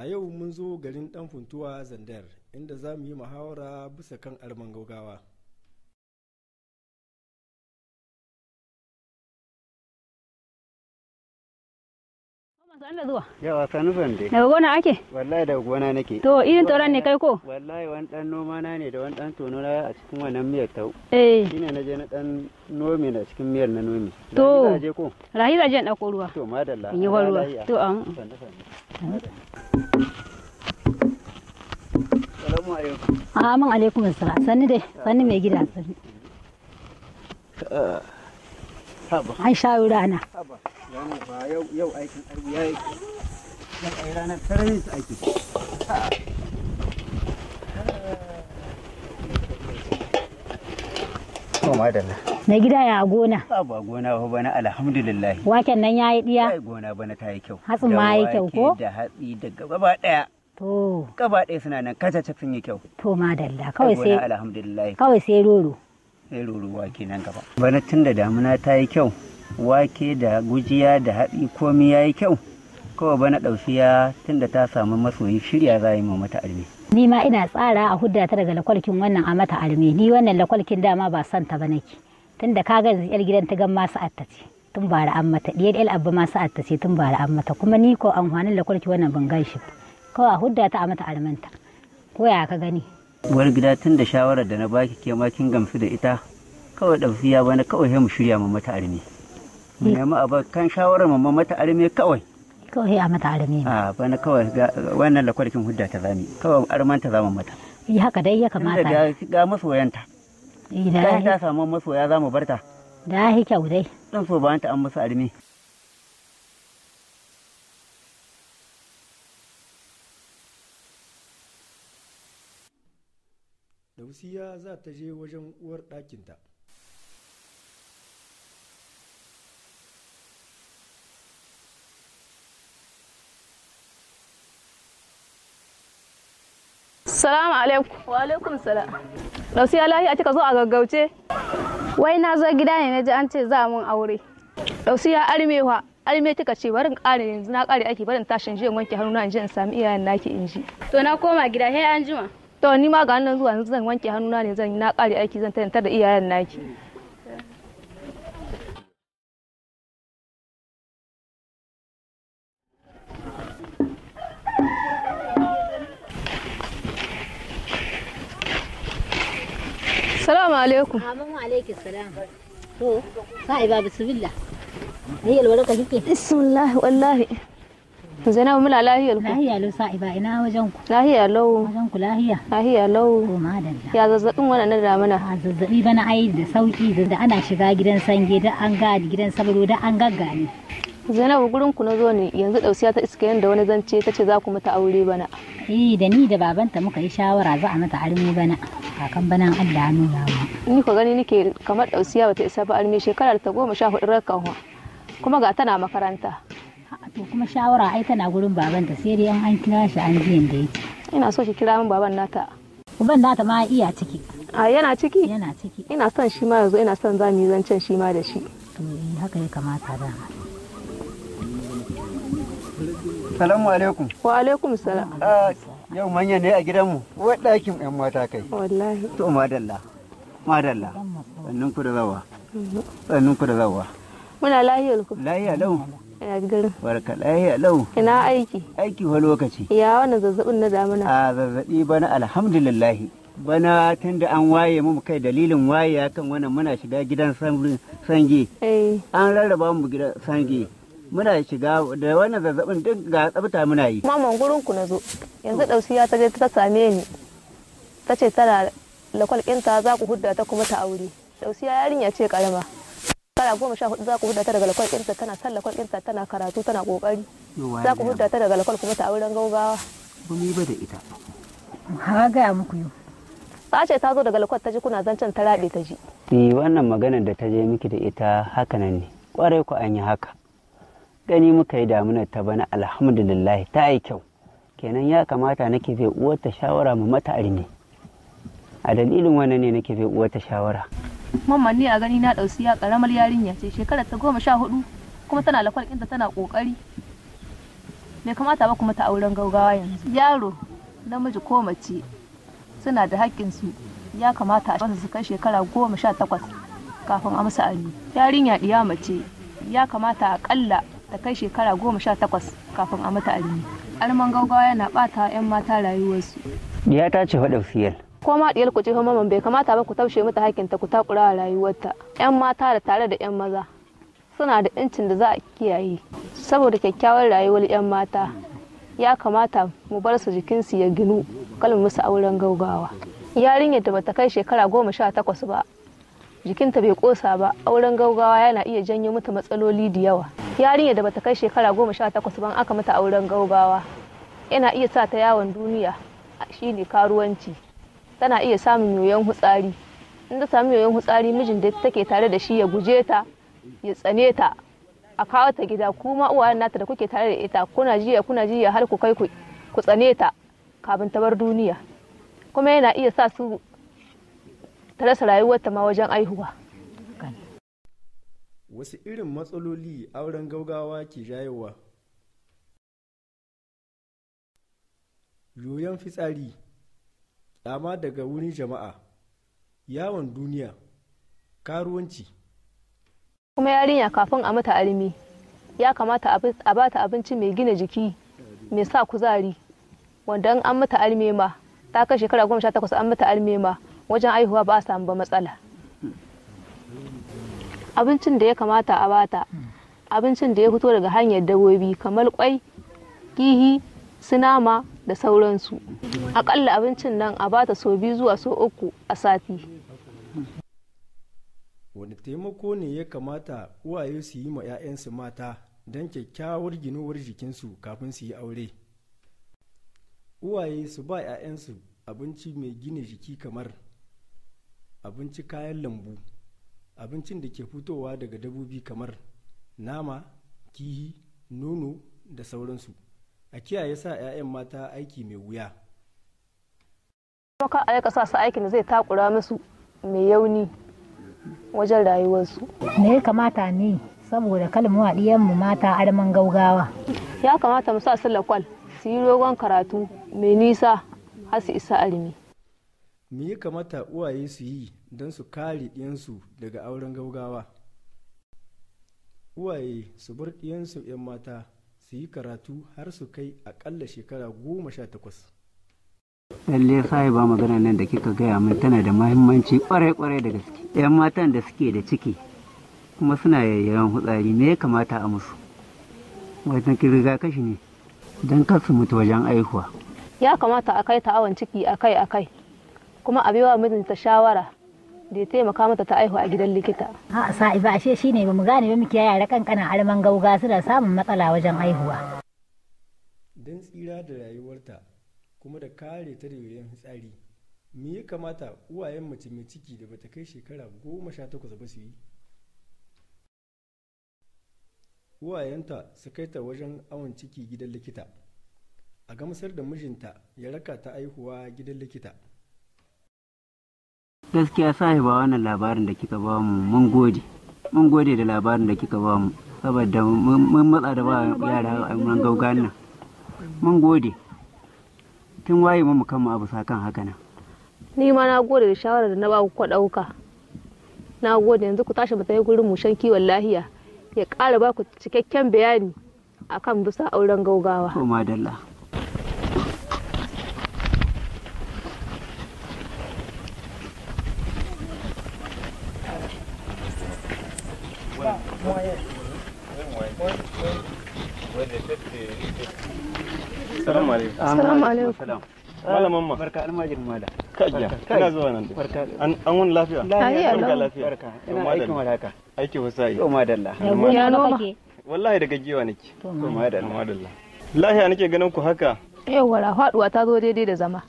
a yau mun zo garin dan funtuwa zandar inda za mu yi muhawara bisa kan arman gaugawa Da zuwa. Yawa Daga gona ake? Wallahi daga gona nake. To irin tauran ne kai ko? Wallahi wani dan noma na ne da wani dan tono na a cikin wannan miyar tau. Eh. Shine na je na dan nome na cikin miyar na nome. To. Rahi ko? Rahi zaje dauko ruwa. To madalla. Yi ruwa. To an. Assalamu alaikum. alaikum assalam. Sanni dai, sanni mai gida sanni. Ah. Ai rana. ba yau aikin arbi ya yi yan ai ranar tarayin su aiki na gida ya gona ba gona ba bana alhamdulillah waken nan ya yi diya ya gona bana ta yi kyau hatsin ma yi kyau ko da hatsi da gaba daya to gaba daya suna nan ta sun yi kyau to ma dalla kawai sai alhamdulillah kawai sai roro sai roro wake nan gaba bana tun da damuna ta yi kyau wake da gujiya da haɗi komi ya yi kyau kawai bana ɗausiya tunda ta samu masoyi shirya za yi mata arme. ni ma ina tsara a hudda ta daga lakwalkin wannan a mata arme ni wannan lakwalkin dama ba son ta ba nake tunda ka ga yar gidan ta gan ma ta ce tun ba an mata diyar yar abba ma ta ce tun ba an mata kuma ni ko amfanin lakwalki wannan ban gan shi kawai a hudda ta a mata armanta ko ya ka gani. Wani gida tun da shawarar da na baki ke ma kin gamsu da ita kawai ya bana kawai ya mu shirya ma mata arme. nemi kan shawarar mamma mata arme kawai kawai a mata arme a bana kawai wannan lakwarkin hudda ta zami kawai arman ta zama mata yi haka dai ya kamata ga ga masoyanta idan ta samu masoya zamu barta da yi kyau dai dan so ba ta an musu arme Dausiya za ta je wajen uwar ɗakinta. alaikum. Wa alaikum salam. Rausiya a kika zo a gaggauce? Wai na zo gida ne na ji an ce za mun aure. Rausiya armewa arme kika ce barin ƙare yanzu na ƙare ake barin tashin jiyan wanke hannu na in je in sami iyayen naki in ji. To na koma gida sai an jima. To ni ma ga nan zuwa zan wanke hannu na ne zan na ƙare aiki zan tantar da iyayen naki. Salamu alaikum. Amin alaikum salam. To, sa'i ba bismillah. ka kike? Bismillah wallahi. Zainabu mula lahiyar ku. Lahiya sa'i ba ina wajen ku. Lahiya Wajen ku lahiya. Lahiya Ko madalla. Ya zazzabin wannan na damuna. A zazzabi bana ai da sauki da ana shiga gidan sange da an gadi gidan sabaro da an gaggane. Zainabu gurin ku na zo ne yanzu dausiya ta iska yanda wani zance ta ce za ku mata aure bana. Eh da ni da babanta muka yi shawara za a mata arme bana kakan bana Allah ya nuna mu. Ni ko gani nake kamar dausiya bata isa ba arme shekarar ta goma sha hudu rakan kuma ga tana makaranta. To kuma shawara ai tana gurin babanta sai dai an kira shi an ji yanda yake. Ina so ki kira min baban nata. Uban nata ma iya ciki. A yana ciki? Yana ciki. Ina son shi ma yanzu ina son za mu yi zancen shi ma da shi. To eh, haka ya kamata da. Salamu alaikum. Wa alaikum salam. Ah, yau manya ne a gidanmu, Wai ɗakin ƴan mata kai. Wallahi. To madalla, madalla, sannin ku da zawa, sannin ku da zawa. Muna lahiyar ku. Lahiya lau. Ina gidan. Barka lahiya lau. Ina aiki. Aiki wa lokaci. Ya wani zazzaɓin na damuna. A ah, zazzaɓi bana alhamdulillahi. bana tun da an waye mu kai dalilin waye kan wannan muna shiga gidan sange eh. an rarraba mu gidan sange muna shiga da wannan zazzabin duk ga tsafta muna yi Mama gurin ku nazo yanzu Dausi ya je ta same ni ta ce tana lakwal kinta za ku hudda ta kuma ta aure Dausi ya yarinya ce karama Kara goma sha hudu za ku hudda ta daga lakwal ɗinta tana san lakwal ɗinta tana karatu tana kokari za ku hudda ta daga lakwal kuma ta auren gaugawa. Ba mu ba da ita. Ha gaya muku yau. Ta ce ta zo daga lakwal ta ji kuna zancen ta raɗe ta ji. Ni eh, wannan maganar da ta je miki da ita haka nan ne. Kwarai ku an yi haka. gani muka yi damunar ta bana alhamdulillah ta yi kyau kenan ya kamata nake bai uwar ta shawara mu mata arme a dalilin wannan ne nake bai uwar ta shawara mamman ni a gani na dausi ya karamar yarinya ce shekarar ta goma sha hudu kuma tana lakwal ɗinta tana kokari bai kamata ba kuma ta auren gaugawa yanzu yaro namiji ko mace suna da su ya kamata a su kai shekara goma sha takwas kafin a musu arme yarinya ɗiya mace ya kamata akalla ta kai shekara goma sha takwas kafin a mata alimi alman gaugawa yana bata 'yan mata rayuwarsu ya ta ce faɗa fiyal ko ma diyar ku ce maman bai kamata ba ku taushe mata hakinta ku takura rayuwarta 'yan mata da tare da 'yan maza suna da 'yancin da za a kiyaye saboda kyakkyawar rayuwar 'yan mata ya kamata mu bar su jikinsu ya ginu kalin musu auren gaugawa yarinyar da bata kai shekara goma sha takwas ba jikinta bai kosa ba auren gaugawa yana iya janyo mata matsaloli da yawa yarinya da bata kai shekara goma sha takwas ban aka mata auren gaugawa yana iya sa ta yawon duniya shine karuwanci tana iya samun yoyon hutsari in ta sami yoyon hutsari mijin da take tare da shi ya guje ta ya tsane ta a kawo ta gida kuma uwayen nata da kuke tare da ita kuna jiya kuna jiya har ku kai ku tsane ta kafin ta bar duniya kuma yana iya sa su ta rasa rayuwarta ma wajen aihuwa wasu irin matsaloli auren gaugawa ke jayowa yoyon fitsari kyama daga wurin jama'a yawon duniya karuwanci kuma yarinya kafin a mata armi ya kamata a bata abinci mai gina jiki mai sa kuzari wanda an mata arme ma ta kai shekara goma sha takwas an mata arme ma wajen aihuwa ba a samu ba matsala abincin da ya kamata a bata abincin da ya fito daga hanyar dabobi kamar kwai kihi sinama da sauransu akalla abincin nan a bata sau biyu zuwa so uku a sati wani taimako ne ya kamata uwaye su yi ma 'ya'yansu mata don kyakkyawar ginuwar jikinsu kafin su yi aure uwaye su ba 'ya'yansu abinci mai gina jiki kamar abinci kayan lambu abincin da ke fitowa daga dabobi kamar nama kihi nono da sauransu a kiyaye sa 'ya'yan mata aiki mai wuya ka aika sa su aikin da zai takura musu mai yauni wajen rayuwarsu me ya kamata ne saboda kalmuwa mu mata arman gaugawa ya kamata mu sa su lakwal su yi rogon karatu mai nisa har su isa armi me ya kamata uwaye su yi don su kare ɗiyansu daga auren gaugawa uwaye su bar ɗiyansu 'yan mata su yi karatu har su kai aƙalla shekara goma sha takwas lalle sahiba magana nan da kika gaya min tana da mahimmanci kwarai-kwarai da gaske 'yan matan da suke da ciki kuma suna yayyaran hutsari me ya kamata a musu wajen kashi ne don kar su mutu wajen aihuwa ya kamata a kai ta awon ciki akai-akai kuma a biwa mijinta shawara da ya taimaka mata ta aihu a gidan likita. A'a sa'i ba ashe shine ba mu gane ba mu kiyaye yara kankana alman gauga su da samun matsala wajen aihuwa. Don tsira da rayuwarta kuma da kare ta da yoyon fitsari, me ya kamata uwayen mace mai ciki da bata kai shekara goma sha takwas ba su yi? Uwayenta su kai ta wajen awon ciki gidan likita, a gamsar da mijinta ya raka ta aihuwa gidan likita. gaskiya sahiba wannan labarin da kika ba mu mun gode mun gode da labarin da kika ba mu saboda mun matsa da ba yara a mun gaugan nan mun gode tun waye mu kan abu sakan haka nan ni ma na gode da shawarar da na ba ku ɗauka na gode yanzu ku tashi mu gurin mu shan kiwon lahiya ya ƙara ba ku cikakken bayani akan bisa auren gaugawa madalla Assalamu alaikum. Malamin ma. Barka almajirin mala. Kajiya. Ina zuwa nan da. An wani lafiya? Lafiya. Barka lafiya. Barka. Ina aikin wadaka. Aiki wasa'i. Yau madalla. Ya noma. Wallahi daga giwa nake. To madalla. Madalla. Lahiya nake ganin ku haka. Yau wala faduwa ta zo daidai da zama.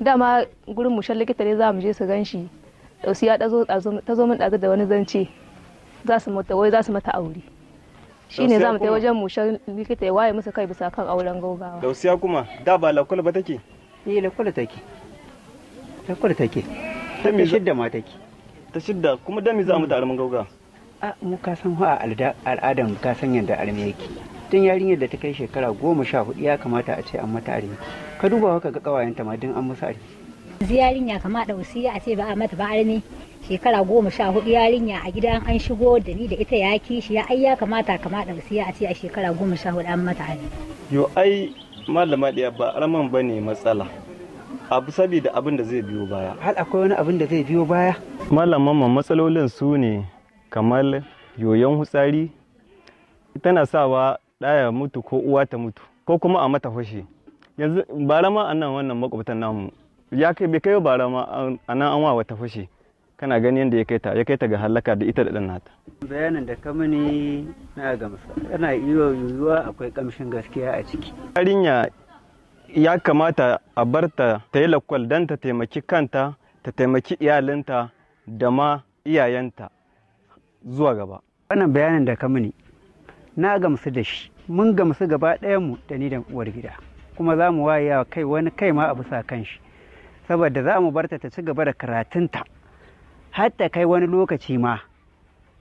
Dama gurin mushan likita ne za mu je su gan shi. Dausi ya ta zo min ɗazu da wani zance. Za su mata wai za su mata aure. shine mu tafi wajen mushen likita ya waye musu kai bisa kan auren gaugawa dausiya kuma da ba lakul ba take eh lakul take lakul take ta me shidda ma take ta shidda kuma da me mu ta almin gauga a mu ka san ha al'adan ka san yadda almi yake tun yarinyar da ta kai shekara goma sha hudu ya kamata a ce an mata armi ka duba ka ga kawayenta ma din an musu armi yarinya kama dausiya a ce ba a mata ba armi shekara goma sha hudu yarinya a gidan an shigo da ni da ita ya kishi ya ai ya kamata kama ɗausiya a ce a shekara goma sha hudu an mata ne. yo ai malama ɗaya ba araman ba ne matsala abu sabida abin da zai biyo baya hal akwai wani abin da zai biyo baya malaman ma matsalolin su ne kamar yoyon hutsari tana sawa ɗaya mutu ko uwa ta mutu ko kuma a mata fashe yanzu barama ma a nan wannan makwabtan namu ya kai bai kai barama a nan an wa wata fashe kana gani yadda ya kai ta, ya kai ta ga halaka da ita da ɗan nata bayanin da ka na gamsa yana iya yiwuwa akwai kamshin gaskiya a ciki yarinya ya kamata a barta ta yi lakwal don ta taimaki kanta ta taimaki iyalinta da ma iyayenta zuwa gaba wannan bayanin da ka mini na gamsu da shi mun gamsu gaba mu da ni da uwar gida kuma za mu wayewa kai wani kai ma a bisa kan shi saboda za mu barta ta ci gaba da karatunta har ta kai wani lokaci ma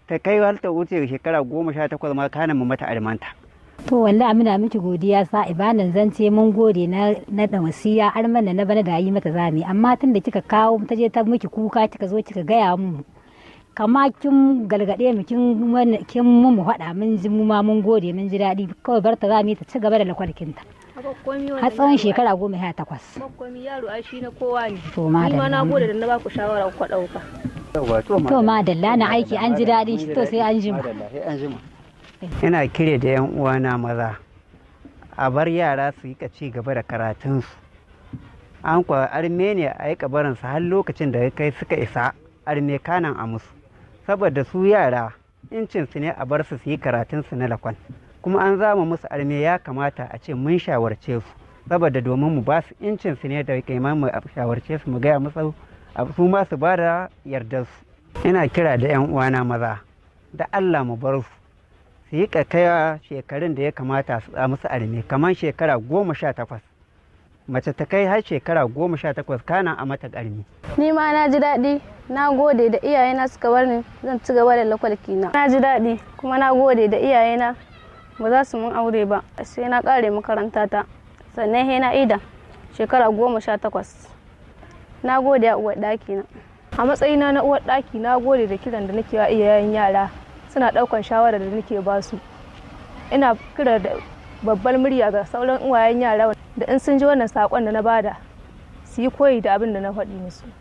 ta kai har ta wuce shekara goma sha takwas ma kana mu mata armanta to wallahi amina miki godiya sa ibanan zance mun gode na na da wasiya arman na bana da yi mata zami amma tun da kika kawo ta je ta miki kuka kika zo kika gaya mu kama kin galgade mu kin kin mu mu fada mun ji mu ma mun gode mun ji dadi kawai barta zami ta ci gaba da ta har tsawon shekara goma sha takwas. Makwami yaro ai shi na kowa ne. To ma da na gode da na ba ku shawara ku ɗauka. to ma na aiki an ji daɗin shi to sai an jima eh. ina kire da yan uwana maza a bar yara su yi ci gaba da karatunsu an kwa armenia a yi kabarinsu har lokacin da kai suka isa arme kanan a musu saboda su yara incinsu ne a bar su su yi karatunsu na lakon kuma an zama musu arme ya kamata a ce mun shawarce su saboda domin mu ba su incinsu ne da kai mu shawarce su mu gaya musu su ma su ba da yardarsu ina kira da 'yan uwana maza da allah mu bar su su yi kakaya shekarun da ya kamata su a musu arme kamar shekara goma sha takwas mace ta kai har shekara goma sha takwas kana a mata ƙarni. ni ma na ji daɗi na gode da iyayena suka bar ni zan ci gaba da lakwalki na na ji daɗi kuma na gode da iyayena ba za su mun aure ba sai na ƙare makaranta ta sannan na ida shekara goma sha takwas na gode a uwar ɗaki na a matsayina na uwar ɗaki na gode da kiran da nake wa iyayen yara suna ɗaukar shawara da nake ba su ina kira da babbar murya ga sauran uwayen yara da in sun ji wannan saƙon da na bada su yi koyi da abin da na faɗi musu